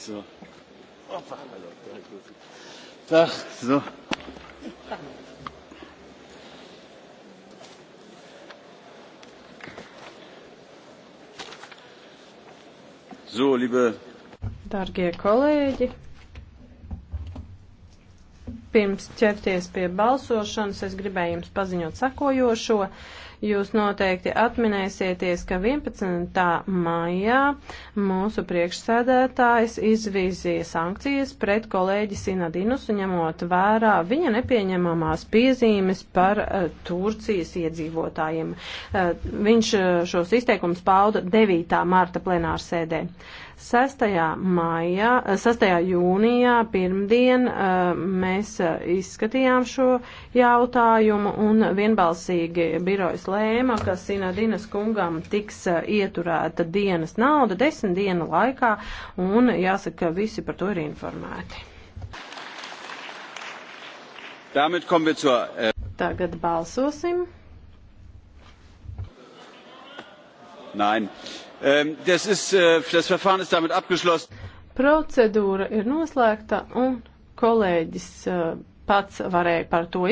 So. Tag, so. So, liebe Dargie kolēģi, Pirms ķerties pie balsošanas, es gribēju jums paziņot sakojošo. Jūs noteikti atminēsieties, ka 11. maijā mūsu priekšsēdētājs izvīzīja sankcijas pret kolēģi Sinadinus, ņemot vērā viņa nepieņemamās piezīmes par uh, Turcijas iedzīvotājiem. Uh, viņš uh, šos izteikums pauda 9. marta plenārsēdē. 6. Maijā, 6. jūnijā pirmdien mēs izskatījām šo jautājumu un vienbalsīgi birojas lēma, ka Sinadinas kungam tiks ieturēta dienas nauda desmit dienu laikā un jāsaka, ka visi par to ir informēti. Tagad balsosim. Nein. Ähm, das, ist, äh, das Verfahren ist damit abgeschlossen. Procedūra ir noslēgta un kolēģis eh, pats varēja par to